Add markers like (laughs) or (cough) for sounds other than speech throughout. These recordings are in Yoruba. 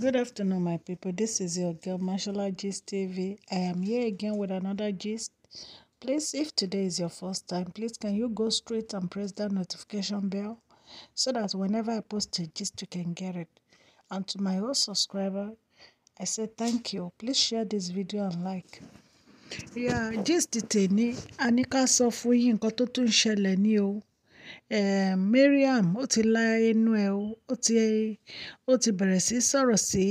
Good afternoon, my people. This is your girl Mashola Gist TV. I am here again with another gist. Please, if today is your first time, please can you go straight and press that notification bell so that whenever I post a gist, you can get it. And to my old subscriber, I say thank you. Please share this video and like. Yeah, gist tèmi, anika ní ká sọ fún yín nǹkan o. Eh, Mariam, ó ti la ẹnu ẹ o, ó ti, ó ti bẹ̀rẹ̀ sí sọ̀rọ̀ sí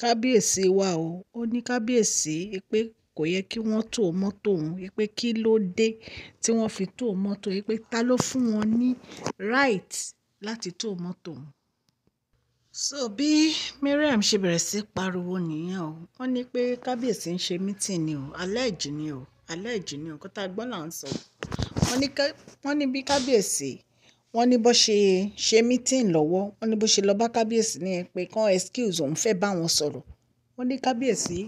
kábíyèsí wa o. Ó ní kábíyèsí pé kò yẹ kí wọ́n tò mọ́tò òun, pé kí ló dé tí wọ́n fi tò mọ́tò, pé ta ló fún wọn ní right láti tò mọ́tò òun. So bí Mariam ṣe bẹ̀rẹ̀ sí pariwo nìyẹn o. Wọ́n ní pé kábíyèsí ń ṣe meeting ni o, alleged ni o, alleged ni o. Ǹkan tá a gbọ́ là ń sọ. wọ́n ní bí kábíyèsí wọ́n ní bó ṣe ṣe meeting lọ́wọ́ wọ́n ní bó ṣe lọ bá kábíyèsí ní ẹ pé kán excuse òun fẹ́ bá wọn sọ̀rọ̀ wọ́n ní kábíyèsí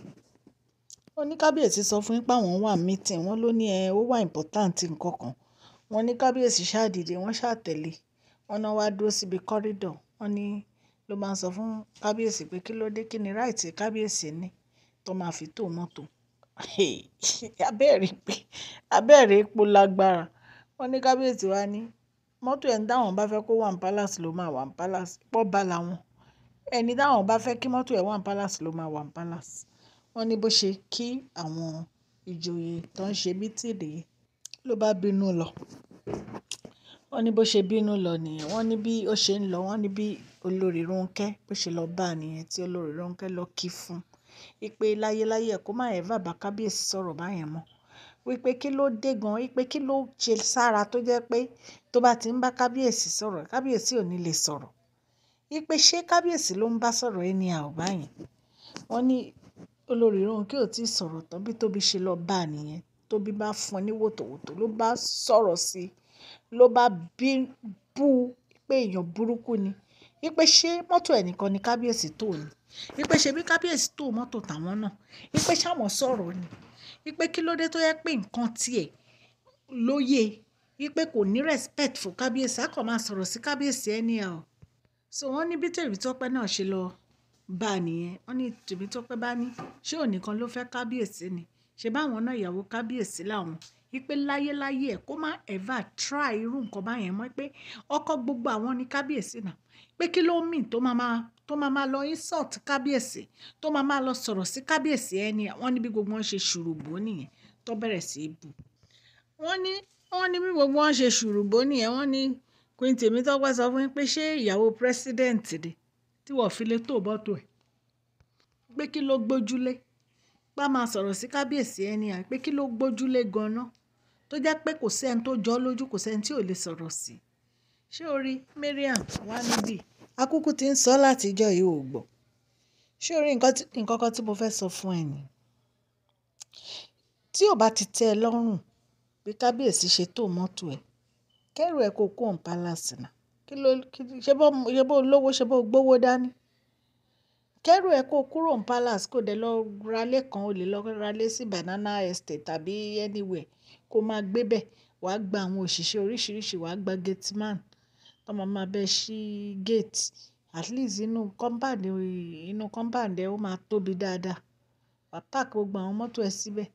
wọ́n ní kábíyèsí sọ fún yín pé àwọn wà meeting wọ́n ló ní ẹ ó wà important nǹkan kan wọ́n ní kábíyèsí ṣáà dìde wọ́n ṣáà tẹ̀lé wọ́n náà wá dúró síbi corridor wọ́n ní ló máa ń sọ fún kábíyèsí pé kí ló dé kí ni right kábíyèsí ní tó máa fi tó mọ́tò abẹ́rẹ́ (laughs) pé abẹ́rẹ́ epo lágbára wọ́n ní kábíyèsí wa ní mọ́tò ẹni táwọn bá fẹ́ kó wà palace ló máa wà palace pọ́ bá làwọn ẹni táwọn bá fẹ́ kí mọ́tò ẹ̀ wà ní palace ló máa wà palace wọ́n ní bó ṣe kí àwọn ìjòyè tó ń ṣe mítìnì ló bá bínú lọ wọ́n ní bó ṣe bínú lọ nìyẹn wọ́n ní bí ó ṣe ń lọ wọ́n ní bí olórí Rónkẹ́ bó ṣe lọ bá nìyẹn tí olórí Rónkẹ́ lọ kí fún un ìpè láyéláyé ẹ̀ kó má ẹ̀ bàbá kábíyèsí sọ̀rọ̀ báyẹn mọ́ wípé kí ló dé gan, wípé kí ló ṣe sára tó jẹ́ pé tó bá ti ń bá kábíyèsí sọ̀rọ̀, kábíyèsí ò ní lè sọ̀rọ̀. Wípé ṣé kábíyèsí ló ń bá sọ̀rọ̀ anyhow báyẹn. Wọ́n ní olórí Ronkẹ́ ò tí ì sọ̀rọ̀ tán bí Tóbi ṣe lọ bá a nìyẹn. Tóbi bá fún un ní wòtòwòtò ló bá sọ̀rọ̀ sí i, ló bá bú pé èèyàn burúkú ni wípé ṣé mọ́tò ẹnìkan ni kábíyèsí tó ni wípé ṣe bí kábíyèsí tó mọ́tò tàwọn náà wípé ṣáwọn sọ̀rọ̀ ni wípé kí ló dé tó yẹ pé nǹkan tiẹ̀ lóye wípé kò ní respect fún kábíyèsí a máa sọ̀rọ̀ sí kábíyèsí ẹni ẹ̀ o so wọ́n ní bí tèmítọ́pẹ́ náà ṣe lọ bá a nìyẹn wọ́n ní tèmítọ́pẹ́ bá ní ṣé òun nìkan ló fẹ́ kábíyèsí ni ṣe báwọn náà ìyàwó kábíyèsí làwọn wípé láyéláyé ẹ̀ kó má ever try irú nǹkan báyẹn mọ́ pé ọkọ gbogbo àwọn ni kábíyèsí náà pé kí ló mìn tó máa máa tó máa máa lọ insult kábíyèsí tó máa máa lọ sọ̀rọ̀ sí kábíyèsí ẹni wọ́n níbi gbogbo wọn ṣe ṣùrùbó nìyẹn tó bẹ̀rẹ̀ sí í bù wọ́n ní wọ́n ní bí gbogbo wọn ṣe ṣùrùbó nìyẹn wọ́n ní Queen Tèmítọ́pẹ́ sọ fún pé ṣé ìyàwó president ni tí wọ́n fi lè tó bọ́tò ẹ̀ pé kí ló gbójúlé bá máa sọ̀rọ̀ sí kábíyèsí ẹni à pé kí ló gbójúlé gan-an tó jẹ́ pé kò sí ẹni tó jọ́ lójú kò sí ẹni tí ò lè sọ̀rọ̀ sí. ṣé o rí Mariam wá níbí akúkú ti ń sọ láti ìjọ yìí ò gbọ́ ṣé o rí nǹkan kan tí mo fẹ́ sọ fún ẹ nì tí ò bá ti tẹ́ ẹ lọ́rùn bí kábíyèsí ṣe tó mọ́tò ẹ kẹ́rù ẹ kó kó ń náà kí ló ṣe bó lówó ṣe bó gbówó dání kẹ́rù ẹ̀ kó kúrò ní palace kó lọ ralé kan o lè lọ ralé sí banana estate tàbí anywhere kó máa gbé bẹ̀. Wà gba àwọn òṣìṣẹ́ oríṣiríṣi, wà gba gate man tó máa bẹ sí gate. At least inú compound, inú compound ẹ ó máa tóbi dáadáa. Wà á gbogbo àwọn mọ́tò ẹ síbẹ̀.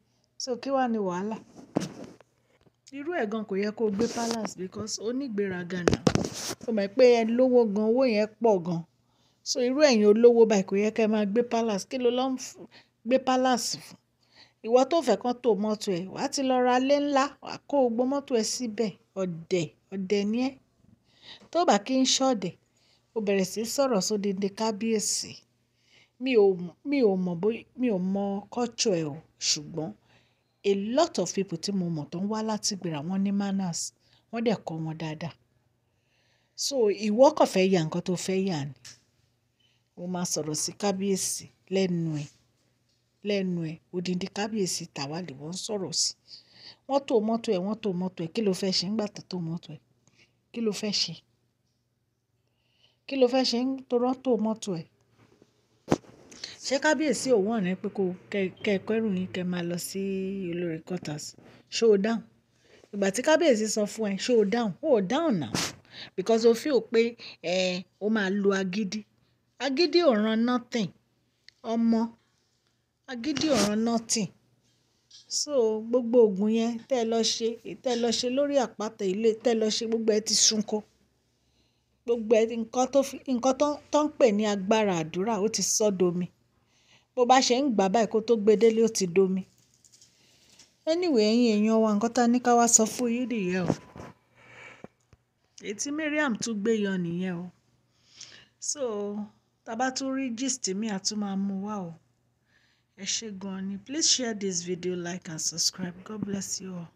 So kí wà ní wàhálà? Irú ẹ̀ gan kò yẹ kó gbé palace because ó ní ìgbéraga now. O mọ̀ pé ẹ lówó gan, owó yẹn pọ̀ gan. So irú ẹ̀yin olówó báyìí kò yẹ kí ẹ máa gbé palace. Kí ló lọ gbé palace fún? Ìwọ tó fẹ́ kán tó mọ́tò ẹ, wà á ti lọ ra ilé ńlá, wà á kó gbogbo mọ́tò ẹ síbẹ̀. Ọ̀dẹ̀, ọ̀dẹ̀ ni ẹ́. Tó bá kí ń ṣọ̀dẹ̀, o bẹ̀rẹ̀ sí sọ̀rọ̀ sódindi kábíyèsí. Mi ò, mọ̀ mi ò mọ̀ culture ẹ o, ṣùgbọ́n a lot of people tí mo mọ̀ tó ń wá láti ìgbéra wọ́n ní manners, wọ́n dẹ̀ kọ́ wọn dáadáa. So ìwọ kàn fẹ́ yà nǹkan tó fẹ́ yà ni. O máa sọ̀rọ̀ sí kábíyèsí lẹ́nu ẹ lẹ́nu ẹ̀ odindi kábíyèsí tàwálì wọ́n ń sọ̀rọ̀ sí wọ́n tó mọ́tò ẹ̀ wọ́n tó mọ́tò ẹ̀ kí ló fẹ́ ṣe ńgbà tó tó mọ́tò ẹ̀ kí ló fẹ́ ṣe kí ló fẹ́ ṣe ń torọ́ tó mọ́tò ẹ̀ ṣé kábíyèsí òun ọ̀rẹ́ pé kó kẹ kẹrù yín kẹ máa lọ sí olórí quarters ṣé o dáhùn ìgbà tí kábíyèsí sọ fún ẹ ṣé o dáhùn o dáhùn náà because o feel pé ẹ o máa lo agídí agídí ò ran nothing ọmọ agídí ọ̀rọ̀ nothing. So gbogbo òògùn yẹn tẹ lọ ṣe, èyí tẹ lọ ṣe lórí àpáta èlé tẹ lọ ṣe gbogbo ẹ ti sunko. Gbogbo ẹ nǹkan tó tó, ń pè ní agbára àdúrà ó ti sọ domi. Bo bá ṣe ń gbà báyìí kó tó gbe délé ó ti domi. Anyway ẹ̀yin èèyàn wa nǹkan ta ní ká wá sọ fún yín nìyẹn o. Èyí Mariam tún gbé yọ nìyẹn o. So tí a rí gist mi a tún máa mú wá Ẹ ṣé gan ni. Please share this video, like and subscribe. God bless you all.